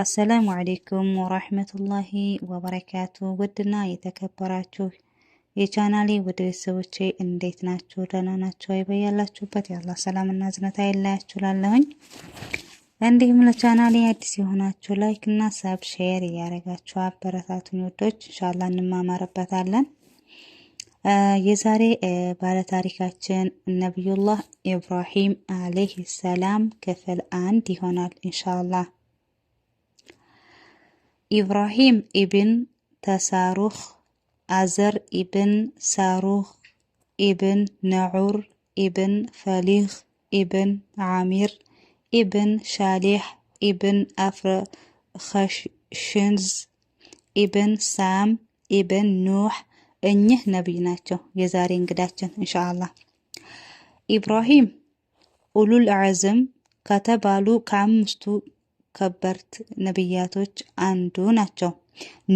አሰላሙ አሌይኩም ወራህመቱላሂ ወበረካቱ ውድና የተከበራችሁ የቻናሌ ውድ ቤተሰቦቼ እንዴት ናችሁ? ደህና ናችሁ? አይበያላችሁበት የአላህ ሰላምና እዝነት አይለያችሁ። ላለሁኝ እንዲሁም ለቻናሌ አዲስ የሆናችሁ ላይክ እና ሳብ ሼር እያደረጋችሁ አበረታቱኝ ውዶች። እንሻላ እንማማርበታለን። የዛሬ ባለታሪካችን ነቢዩላህ ኢብራሂም አለይህ ሰላም ክፍል አንድ ይሆናል ኢንሻአላህ إبراهيم ابن تساروخ أزر ابن ساروخ ابن نعور ابن فليخ ابن عامر ابن شاليح ابن أفر خشنز ابن سام ابن نوح إنه نبيناتو يزارين قداتن إن شاء الله إبراهيم أولو العزم كتبالو كام مستو ከበርት ነቢያቶች አንዱ ናቸው።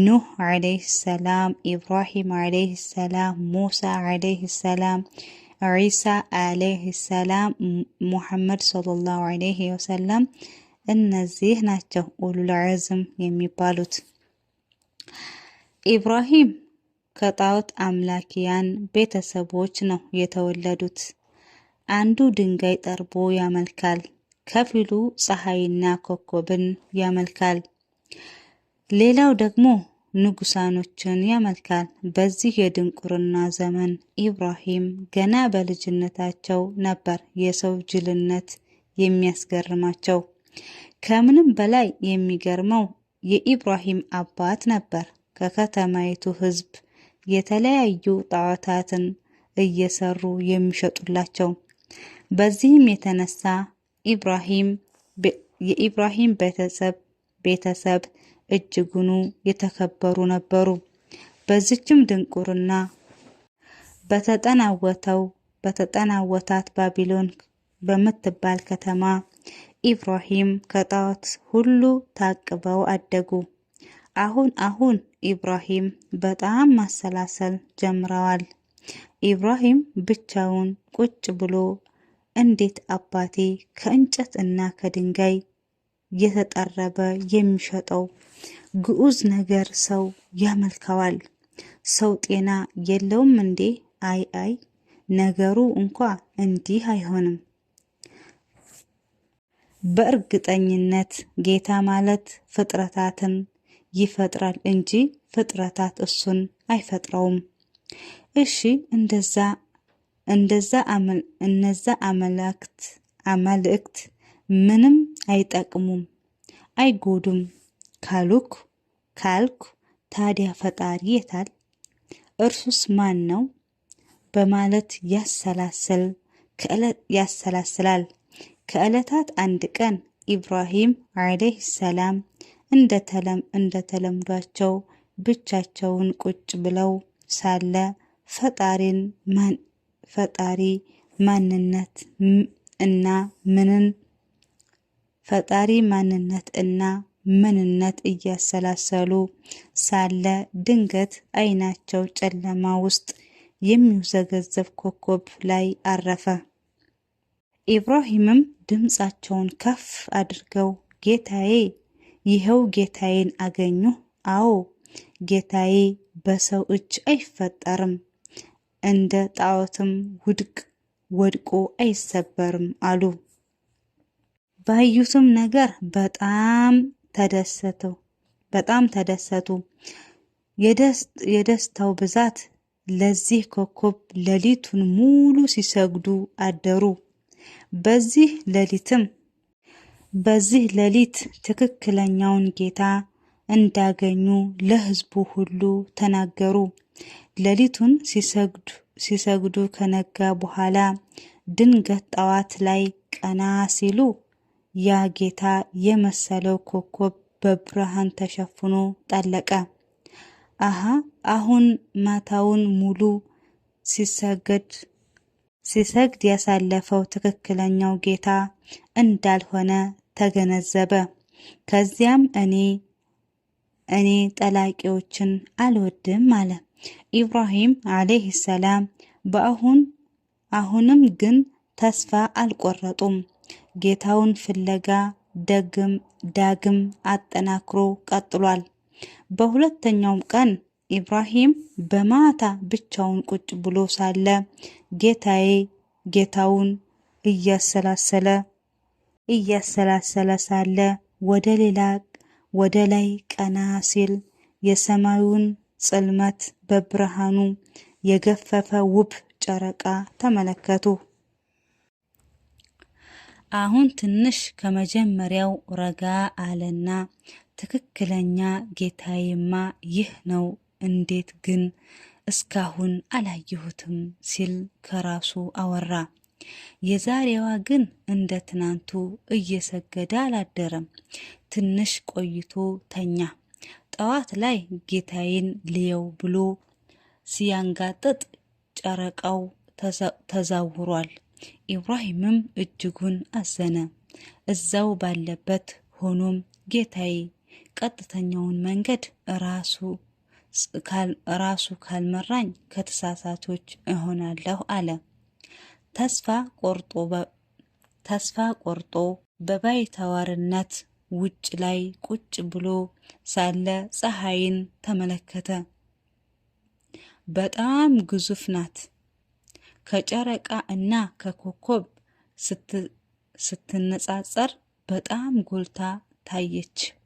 ኑህ ዓለይህ ሰላም፣ ኢብራሂም ዓለይህ ሰላም፣ ሙሳ ዓለይህ ሰላም፣ ዒሳ ዓለይህ ሰላም፣ ሙሐመድ ሰለላሁ ዓለይህ ወሰላም እነዚህ ናቸው ኡሉል ዐዝም የሚባሉት። ኢብራሂም ከጣዖት አምላኪያን ቤተሰቦች ነው የተወለዱት። አንዱ ድንጋይ ጠርቦ ያመልካል፣ ከፊሉ ፀሐይና ኮከብን ያመልካል፣ ሌላው ደግሞ ንጉሳኖችን ያመልካል። በዚህ የድንቁርና ዘመን ኢብራሂም ገና በልጅነታቸው ነበር የሰው ጅልነት የሚያስገርማቸው። ከምንም በላይ የሚገርመው የኢብራሂም አባት ነበር። ከከተማይቱ ሕዝብ የተለያዩ ጣዖታትን እየሰሩ የሚሸጡላቸው። በዚህም የተነሳ ኢብራሂም የኢብራሂም ቤተሰብ ቤተሰብ እጅጉኑ የተከበሩ ነበሩ። በዚችም ድንቁርና በተጠናወተው በተጠናወታት ባቢሎን በምትባል ከተማ ኢብራሂም ከጣዖት ሁሉ ታቅበው አደጉ። አሁን አሁን ኢብራሂም በጣም ማሰላሰል ጀምረዋል። ኢብራሂም ብቻውን ቁጭ ብሎ እንዴት አባቴ ከእንጨት እና ከድንጋይ የተጠረበ የሚሸጠው ግዑዝ ነገር ሰው ያመልከዋል? ሰው ጤና የለውም እንዴ? አይ አይ ነገሩ እንኳ እንዲህ አይሆንም። በእርግጠኝነት ጌታ ማለት ፍጥረታትን ይፈጥራል እንጂ ፍጥረታት እሱን አይፈጥረውም። እሺ እንደዛ እነዛ አማልክት ምንም አይጠቅሙም አይጎዱም ካሉክ ካልኩ ታዲያ ፈጣሪ የታል? እርሱስ ማን ነው? በማለት ያሰላስላል። ከዕለታት አንድ ቀን ኢብራሂም ዓለይህ ሰላም እንደተለምዷቸው ብቻቸውን ቁጭ ብለው ሳለ ፈጣሪን ማን ፈጣሪ ማንነት እና ምንን ፈጣሪ ማንነት እና ምንነት እያሰላሰሉ ሳለ ድንገት አይናቸው ጨለማ ውስጥ የሚውዘገዘብ ኮከብ ላይ አረፈ። ኢብራሂምም ድምፃቸውን ከፍ አድርገው ጌታዬ፣ ይኸው ጌታዬን አገኙ። አዎ ጌታዬ በሰው እጅ አይፈጠርም እንደ ጣዖትም ውድቅ ወድቆ አይሰበርም አሉ። ባዩትም ነገር በጣም ተደሰተው በጣም ተደሰቱ። የደስታው ብዛት ለዚህ ኮከብ ሌሊቱን ሙሉ ሲሰግዱ አደሩ። በዚህ ሌሊትም በዚህ ሌሊት ትክክለኛውን ጌታ እንዳገኙ ለሕዝቡ ሁሉ ተናገሩ። ሌሊቱን ሲሰግዱ ከነጋ በኋላ ድንገት ጠዋት ላይ ቀና ሲሉ ያ ጌታ የመሰለው ኮከብ በብርሃን ተሸፍኖ ጠለቀ። አሃ አሁን ማታውን ሙሉ ሲሰግድ ሲሰግድ ያሳለፈው ትክክለኛው ጌታ እንዳልሆነ ተገነዘበ። ከዚያም እኔ እኔ ጠላቂዎችን አልወድም አለም። ኢብራሂም ዓለይህ ሰላም በአሁን አሁንም ግን ተስፋ አልቆረጡም። ጌታውን ፍለጋ ደግም ዳግም አጠናክሮ ቀጥሏል። በሁለተኛውም ቀን ኢብራሂም በማታ ብቻውን ቁጭ ብሎ ሳለ ጌታዬ ጌታውን እያሰላሰለ እያሰላሰለ ሳለ ወደ ሌላ ወደ ላይ ቀና ሲል የሰማዩን ጽልመት በብርሃኑ የገፈፈ ውብ ጨረቃ ተመለከቱ። አሁን ትንሽ ከመጀመሪያው ረጋ አለና ትክክለኛ ጌታዬማ ይህ ነው፣ እንዴት ግን እስካሁን አላየሁትም ሲል ከራሱ አወራ። የዛሬዋ ግን እንደ ትናንቱ እየሰገደ አላደረም። ትንሽ ቆይቶ ተኛ። ጠዋት ላይ ጌታዬን ልየው ብሎ ሲያንጋጥጥ ጨረቃው ተዛውሯል። ኢብራሂምም እጅጉን አዘነ። እዛው ባለበት ሆኖም ጌታዬ ቀጥተኛውን መንገድ ራሱ ራሱ ካልመራኝ ከተሳሳቶች እሆናለሁ አለ። ተስፋ ቆርጦ በባይተዋርነት ውጭ ላይ ቁጭ ብሎ ሳለ ፀሐይን ተመለከተ። በጣም ግዙፍ ናት። ከጨረቃ እና ከኮከብ ስትነጻጸር በጣም ጎልታ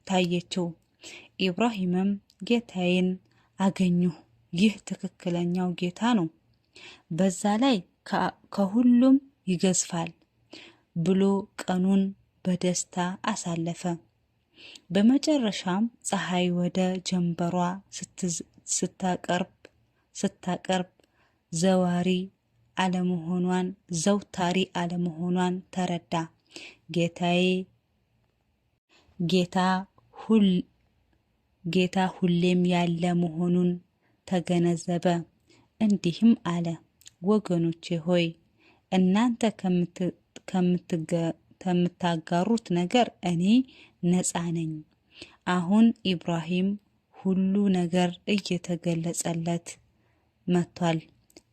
ታየችው። ኢብራሂምም ጌታዬን አገኘሁ፣ ይህ ትክክለኛው ጌታ ነው፣ በዛ ላይ ከሁሉም ይገዝፋል ብሎ ቀኑን በደስታ አሳለፈ። በመጨረሻም ፀሐይ ወደ ጀንበሯ ስታቀርብ ስታቀርብ ዘዋሪ አለመሆኗን ዘውታሪ አለመሆኗን ተረዳ። ጌታዬ ጌታ ሁል ጌታ ሁሌም ያለ መሆኑን ተገነዘበ። እንዲህም አለ፣ ወገኖቼ ሆይ እናንተ ከምትገ ከምታጋሩት ነገር እኔ ነፃ ነኝ። አሁን ኢብራሂም ሁሉ ነገር እየተገለጸለት መጥቷል።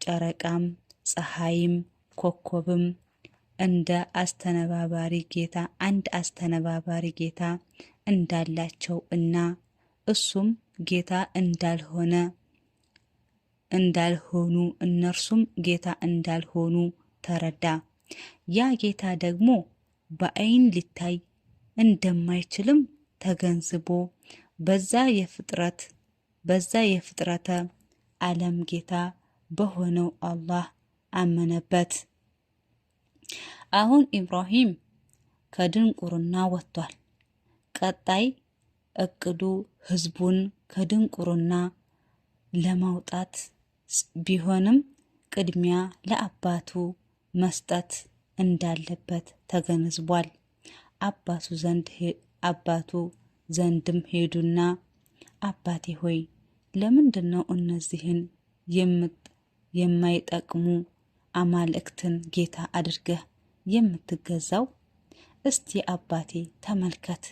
ጨረቃም፣ ፀሐይም፣ ኮከብም እንደ አስተነባባሪ ጌታ አንድ አስተነባባሪ ጌታ እንዳላቸው እና እሱም ጌታ እንዳልሆነ እንዳልሆኑ እነርሱም ጌታ እንዳልሆኑ ተረዳ። ያ ጌታ ደግሞ በአይን ሊታይ እንደማይችልም ተገንዝቦ በዛ የፍጥረት በዛ የፍጥረተ ዓለም ጌታ በሆነው አላህ አመነበት። አሁን ኢብራሂም ከድንቁርና ወጥቷል። ቀጣይ እቅዱ ህዝቡን ከድንቁርና ለማውጣት ቢሆንም ቅድሚያ ለአባቱ መስጠት እንዳለበት ተገንዝቧል። አባቱ ዘንድ አባቱ ዘንድም ሄዱና አባቴ ሆይ ለምንድን ነው እነዚህን የማይጠቅሙ አማልእክትን ጌታ አድርገህ የምትገዛው? እስቲ አባቴ ተመልከት፣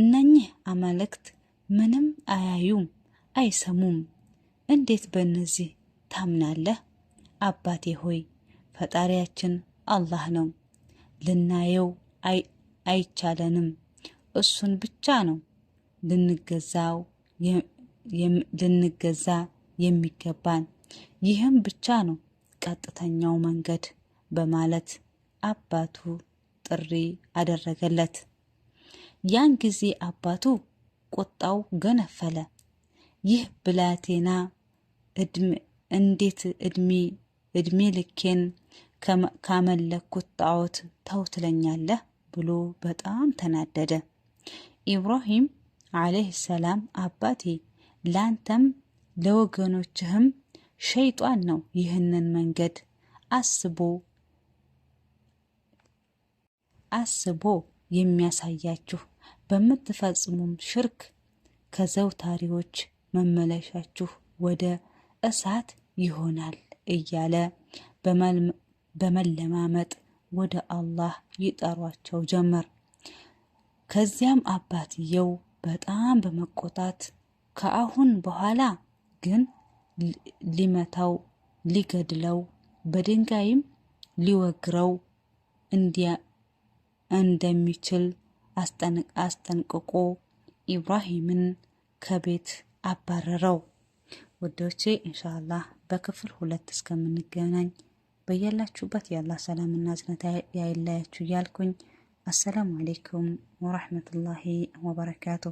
እነኚህ አማልእክት ምንም አያዩም፣ አይሰሙም። እንዴት በእነዚህ ታምናለህ? አባቴ ሆይ ፈጣሪያችን አላህ ነው። ልናየው አይቻለንም። እሱን ብቻ ነው ልንገዛው ልንገዛ የሚገባን። ይህም ብቻ ነው ቀጥተኛው መንገድ በማለት አባቱ ጥሪ አደረገለት። ያን ጊዜ አባቱ ቁጣው ገነፈለ። ይህ ብላቴና እንዴት እድሜ ልኬን ካመለኩት ጣዖት ተው ትለኛለህ ብሎ በጣም ተናደደ። ኢብራሂም ዓለይህ ሰላም አባቴ ላንተም ለወገኖችህም ሸይጧን ነው ይህንን መንገድ አስቦ አስቦ የሚያሳያችሁ በምትፈጽሙም ሽርክ ከዘውታሪዎች መመለሻችሁ ወደ እሳት ይሆናል እያለ በመለማመጥ ወደ አላህ ይጠሯቸው ጀመር። ከዚያም አባትየው በጣም በመቆጣት ከአሁን በኋላ ግን ሊመታው፣ ሊገድለው፣ በድንጋይም ሊወግረው እንደሚችል አስጠንቅቆ ኢብራሂምን ከቤት አባረረው። ወዶቼ ኢንሻአላህ በክፍል ሁለት እስከምንገናኝ በያላችሁበት የአላህ ሰላምና እዝነት ያይለያችሁ እያልኩኝ አሰላሙ አሌይኩም ወረሕመቱላሂ ወበረካቱ።